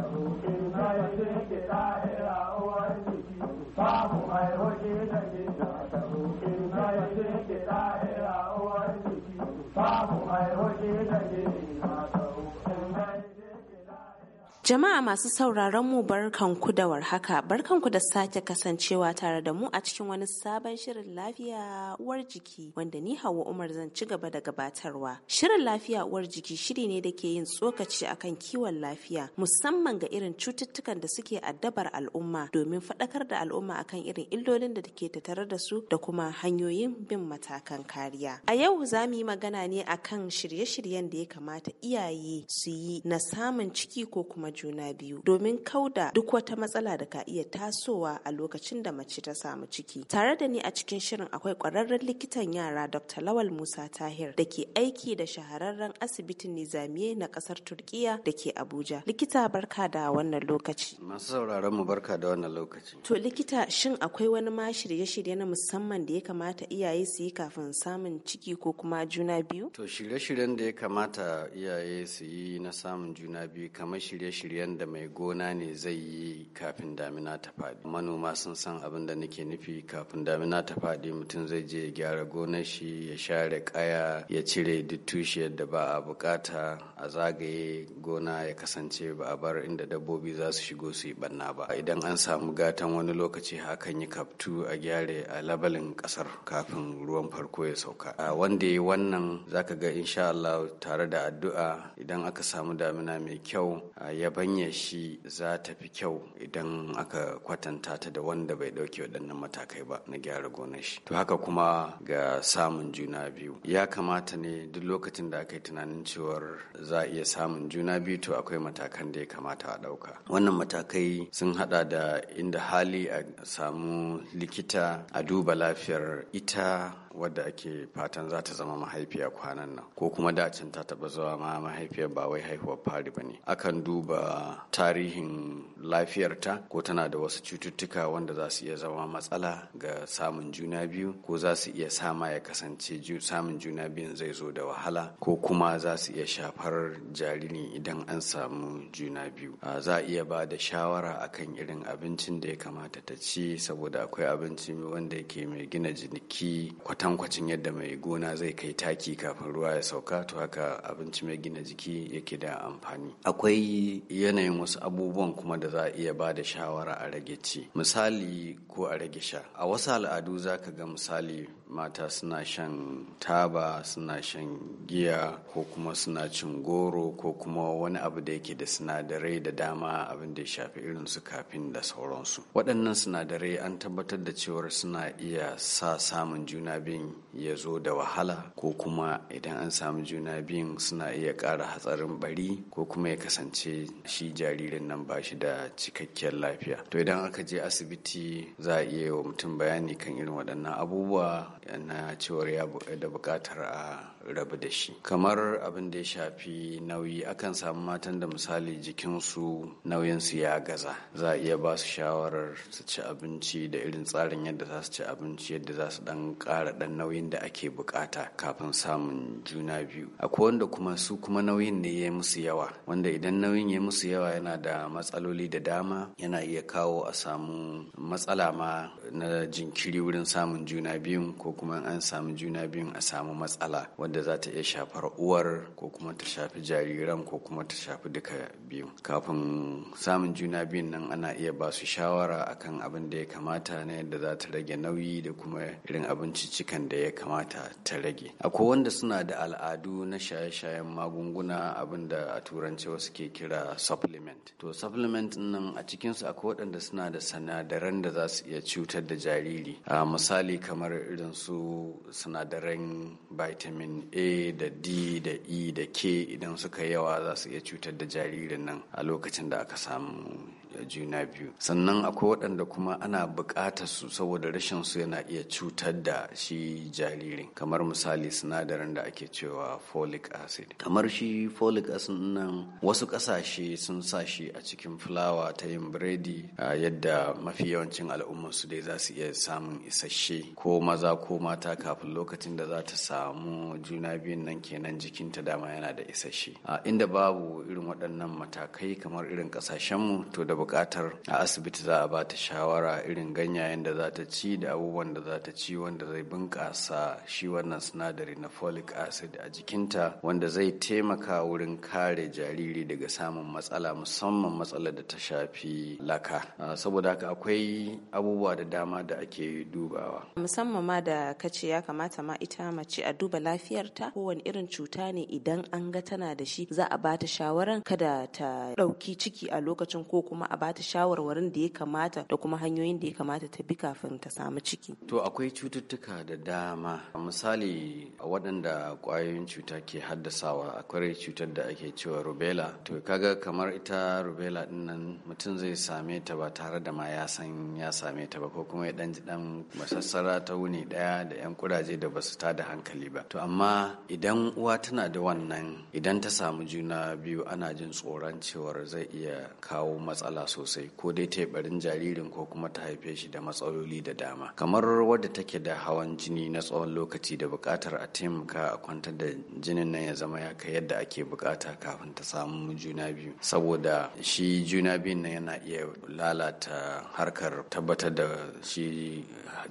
Oh, can I take it? Jama'a masu sauraron mu barkanku da warhaka, barkanku da sake kasancewa tare da mu a cikin wani sabon shirin lafiya uwar jiki wanda ni Hauwa Umar zan ci gaba da gabatarwa. Shirin lafiya uwar jiki shiri ne da ke yin tsokaci akan kiwon lafiya musamman ga irin cututtukan da suke addabar al'umma domin faɗakar da al'umma akan irin illolin da ke tattare da su da kuma hanyoyin bin matakan kariya. A yau za mu yi magana ne akan shirye-shiryen da ya kamata iyaye su yi na samun ciki ko kuma kuma juna biyu domin kauda duk wata matsala da ka iya tasowa a lokacin da mace ta samu ciki. Tare da ni a cikin shirin akwai kwararren likitan yara Dr. Lawal Musa Tahir da ke aiki da shahararren asibitin Nizamiye na kasar Turkiya da ke Abuja. Likita barka da wannan lokaci. Masu sauraron mu barka da wannan lokaci. To likita shin akwai wani ma shirye-shirye na musamman da ya kamata iyaye su yi kafin samun ciki ko kuma juna biyu? To shirye-shiryen da ya kamata iyaye su yi na samun juna biyu kamar shirye shirye-shiryen da mai gona ne zai yi kafin damina ta faɗi manoma sun san abin da nake nufi kafin damina ta faɗi mutum zai je ya gyara gonar shi ya share kaya ya cire duk tushiyar da ba a bukata a zagaye gona ya kasance ba a bar inda dabbobi za su shigo su yi banna ba idan an samu gatan wani lokaci hakan yi kaftu a gyare a labalin kasar kafin ruwan farko ya sauka a wanda yi wannan zaka ga insha Allah tare da addu'a idan aka samu damina mai kyau a yabanya shi za ta fi kyau idan aka kwatanta ta da wanda bai ɗauke waɗannan matakai ba na gyara gonar shi to haka kuma ga samun juna biyu ya kamata ne duk lokacin da aka yi tunanin cewar za a iya samun juna biyu to akwai matakan da ya kamata a ɗauka wannan matakai sun haɗa da inda hali a samu likita a duba lafiyar ita wadda ake fatan za ta zama mahaifiya kwanan nan ko kuma dacin ta taɓa ma mahaifiyar ba wai haihuwar fari ba ne akan duba tarihin lafiyarta ko tana da wasu cututtuka wanda za su iya zama matsala ga samun juna biyu ko za su iya sama ya kasance samun juna biyun zai zo da wahala ko kuma za su iya shafar jaririn idan an samu juna biyu za a iya ba da shawara akan irin abincin da ya kamata ta ci saboda akwai abinci wanda yake mai gina jiki kwatankwacin yadda mai gona zai kai taki kafin ruwa ya sauka to haka abinci mai gina jiki yake da amfani akwai yanayin wasu abubuwan kuma da za a iya ba da shawara a rage ci misali ko a rage sha a wasu al'adu za ka ga misali mata suna shan taba suna shan giya ko kuma suna cin goro ko kuma wani abu da yake da sinadarai da dama abin da ya shafi irin su kafin da sauransu waɗannan sinadarai an tabbatar da cewar suna iya sa samun juna biyun ya zo da wahala ko kuma idan an samu juna biyun suna iya ƙara hatsarin bari ko kuma ya kasance shi jaririn nan ba shi da cikakkiyar lafiya to idan aka je asibiti za a iya yi wa mutum bayani kan irin waɗannan abubuwa na cewar ya da buƙatar a rabu da shi kamar abin da ya shafi nauyi akan samu matan da misali jikinsu nauyinsu ya gaza za a iya ba su shawarar su ci abinci da irin tsarin yadda za su ci abinci yadda za su dan ƙara dan nauyin da ake bukata kafin samun juna biyu akwai wanda kuma su kuma nauyin ne ya musu yawa wanda idan nauyin ya musu yawa yana da matsaloli da dama yana iya kawo a samu matsala ma na jinkiri wurin samun juna biyu ko kuma an samu juna biyun a samu matsala wanda da za ta iya shafar uwar ko kuma ta shafi jariran ko kuma ta shafi duka biyu kafin samun juna biyun nan ana iya ba su shawara akan abin da ya kamata na yadda za ta rage nauyi da kuma irin cikan da ya kamata ta rage akwai wanda suna da al'adu na shaye-shayen magunguna abin da a turanci wasu ke kira supplement to supplement nan a cikinsu akwai waɗanda suna da sinadaran da za su iya cutar da jariri a misali kamar irin su sinadaran vitamin a da d da e da k idan suka yawa za su iya cutar da jaririn nan a lokacin da aka samu juna biyu sannan akwai waɗanda kuma ana buƙatar su saboda rashin su yana iya cutar da shi jaririn kamar misali sinadarin da ake cewa folic acid kamar shi folic acid nan wasu ƙasashe sun sa shi a cikin fulawa ta yin biredi yadda mafi yawancin al'ummar su dai za su iya samun isasshe ko maza ko mata kafin lokacin da za ta samu juna biyun nan kenan jikinta dama yana da isasshe inda babu irin waɗannan matakai kamar irin ƙasashenmu to da buƙatar a asibiti za a ba ta shawara irin ganyayen da za ta ci da abubuwan da za ta ci wanda zai bunƙasa shi wannan sinadari na folic acid a jikinta wanda zai taimaka wurin kare jariri daga samun matsala musamman matsala da ta shafi laka ah, saboda haka akwai abubuwa da dama da ake dubawa musamman ma da kace ya kamata ma ita mace a duba lafiyarta kowane irin cuta ne idan an ga tana da shi za a ba ta shawaran kada ta ɗauki ciki a lokacin ko kuma a bata shawarwarin da ya kamata da kuma hanyoyin da ya kamata ta bi kafin ta samu ciki to akwai cututtuka da dama misali a waɗanda ƙwayoyin cuta ke haddasawa akwai cutar da ake cewa rubella to kaga kamar ita rubella din nan mutum zai same ta ba tare da ma ya san ya same ta ba ko kuma ya dan ji dan masassara ta wuni daya da yan kuraje da basu ta da hankali ba to amma idan uwa tana da wannan idan ta samu juna biyu ana jin tsoron cewar zai iya kawo matsala matsala sosai ko dai ta barin jaririn ko kuma ta haife shi da matsaloli da dama kamar wadda take da hawan jini na tsawon lokaci da buƙatar a taimaka a kwantar da jinin nan ya zama ya kai yadda ake buƙata kafin ta samu juna biyu saboda shi juna biyun nan yana iya lalata harkar tabbatar da shi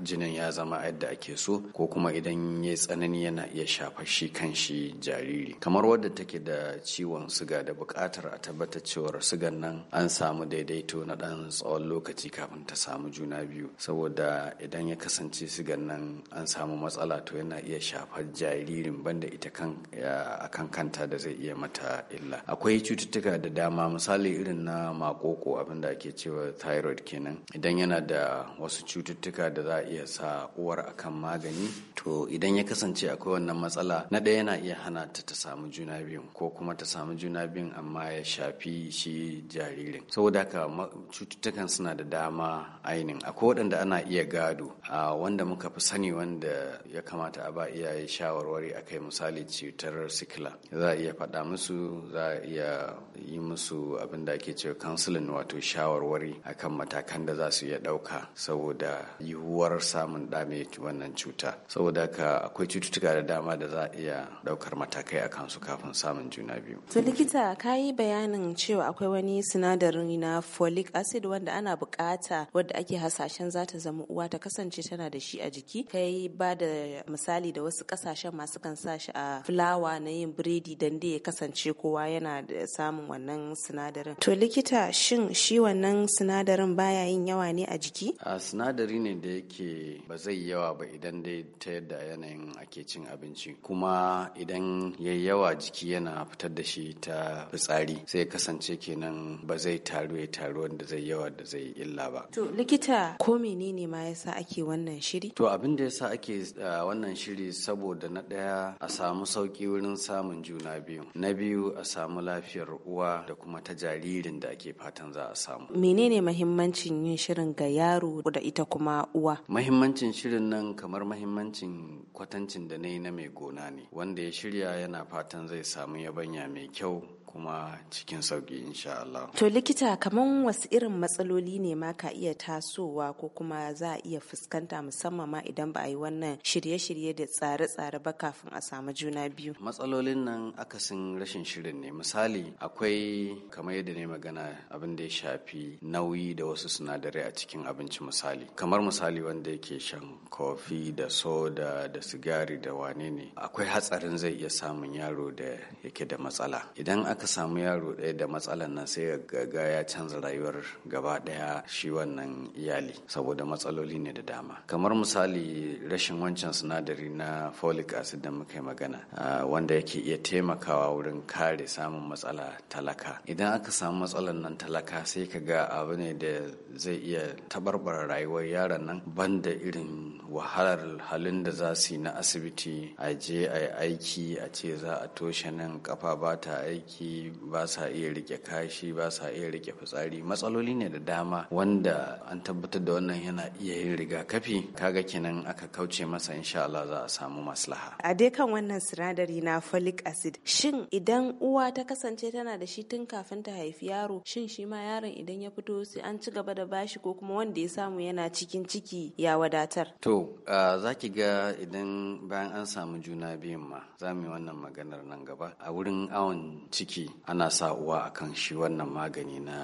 jinin ya zama yadda ake so ko kuma idan ya tsanani yana iya shafa shi kan shi jariri kamar wadda take da ciwon suga da buƙatar a tabbatar cewar sugan nan an samu da daidaito na ɗan tsawon lokaci kafin ta samu juna biyu saboda idan ya kasance sigan nan an samu matsala to yana iya shafar jaririn banda ita kan a kan kanta da zai iya mata illa akwai cututtuka da dama misali irin na makoko abin da ake cewa thyroid kenan idan yana da wasu cututtuka da za a iya sa uwar akan magani to idan ya kasance akwai wannan matsala na ɗaya yana iya hana ta ta samu juna biyu ko kuma ta samu juna biyun amma ya shafi shi jaririn saboda haka cututtukan suna da dama ainin akwai waɗanda ana iya gado a wanda muka fi sani wanda ya kamata a ba iyaye shawarwari a kai misali cutar sikila za a iya faɗa musu za a iya yi musu abin da ake cewa kansulin wato shawarwari akan matakan da za su iya ɗauka saboda yiwuwar samun ɗame wannan cuta saboda haka akwai cututtuka da dama da za a iya ɗaukar matakai a kansu kafin samun juna biyu. to likita ka yi bayanin cewa akwai wani sinadari na folic acid wanda ana bukata wadda ake hasashen za ta zama uwa ta kasance tana da shi a jiki kai ba da misali da wasu kasashen masu kan sa shi a fulawa na yin biredi dan da ya kasance kowa yana da samun wannan sinadarin to likita shin shi wannan sinadarin baya yin yawa ne a jiki a sinadari ne da yake ba zai yawa ba idan dai ta yadda yanayin ake cin abinci kuma idan ya yawa jiki yana fitar da shi ta fitsari sai kasance kenan ba zai taru ya wai taruwan da zai yawa da zai illa ba. To likita ko menene ma yasa ake wannan shiri? To abin da yasa ake eh, wannan shiri saboda na ɗaya a samu sauki wurin samun juna biyu, na biyu a samu lafiyar uwa da kuma ta jaririn da ake fatan za a samu. Menene mahimmancin yin shirin ga yaro da ita kuma uwa? Mahimmancin shirin nan kamar mahimmancin kwatancin da na yi na mai gona ne, wanda ya shirya yana fatan zai samu yabanya mai kyau kuma cikin sauki insha Allah. To likita kamar wasu irin matsaloli ne ma ka iya tasowa ko kuma za a iya fuskanta musamman ma idan ba a yi wannan shirye-shirye da tsare-tsare ba kafin a samu juna biyu. Matsalolin nan akasin rashin shirin ne misali akwai kamar yadda ne magana abin da ya shafi nauyi da wasu sinadarai a cikin abinci misali kamar misali wanda yake shan kofi da soda da sigari da wane ne akwai hatsarin zai iya samun yaro da yake da matsala idan aka aka samu yaro ɗaya da matsalar nan sai ga ya canza rayuwar gaba ɗaya shi wannan iyali saboda matsaloli ne da dama kamar misali rashin wancan sinadari na folic acid da muka yi magana wanda yake iya taimakawa wurin kare samun matsala talaka idan aka samu matsalar nan talaka sai ka ga abu ne da zai iya tabarbara rayuwar yaron nan banda irin wahalar halin da za su yi na asibiti a je a yi aiki a ce za a toshe nan kafa ba ta aiki jiki ba sa iya rike kashi ba sa iya rike fitsari matsaloli ne da dama wanda an tabbatar da wannan yana iya yin rigakafi kaga kenan aka kauce masa insha Allah za a samu maslaha a dai kan wannan sinadari na folic acid shin idan uwa ta kasance tana da shi tun kafin ta haifi yaro shin shi ma yaron idan ya fito sai an ci gaba da bashi ko kuma wanda ya samu yana cikin ciki ya wadatar to za ki ga idan bayan an samu juna biyun ma za mu yi wannan maganar nan gaba a wurin awon ciki ana sa uwa akan shi wannan magani na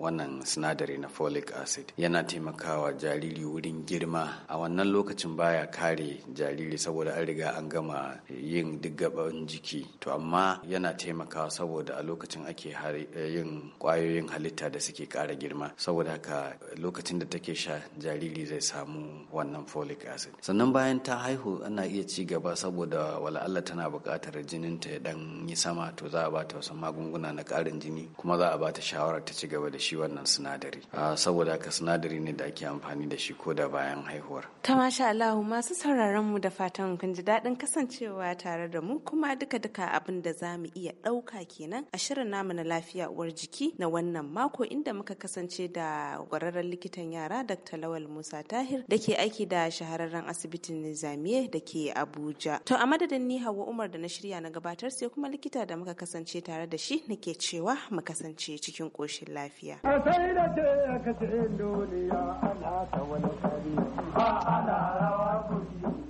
wannan sinadari na folic acid yana taimakawa jariri wurin girma a wannan lokacin baya kare jariri saboda an riga an gama yin duk gaban jiki to amma yana taimakawa saboda a lokacin ake eh, yin kwayoyin halitta da suke kara girma saboda haka lokacin da take sha jariri zai samu wannan folic acid sannan bayan ta haihu ana iya ci gaba saboda wala Allah tana buƙatar jininta ya dan yi sama to za a ba ta wasu magunguna na ƙarin jini kuma za a ba ta shawarar ta ci gaba da shi wannan sinadari ah, saboda haka sinadari ne da ake amfani da shi ko da bayan haihuwar ta masha Allah masu sauraron mu da fatan kun ji daɗin kasancewa tare da mu kuma duka duka abin da za mu iya ɗauka kenan a shirin namu na lafiya uwar jiki na wannan mako inda muka kasance da gwararren likitan yara Dr. Lawal Musa Tahir da ke aiki da shahararren asibitin Nizamiye da ke Abuja to a madadin ni Hauwa Umar da na shirya na gabatar sai kuma likita da muka kasance tare da shi nake cewa mu kasance cikin ƙoshin lafiya Asaida A sai da ce a kashe duniya ana ta wani kari, ba ana rawa kuɗi.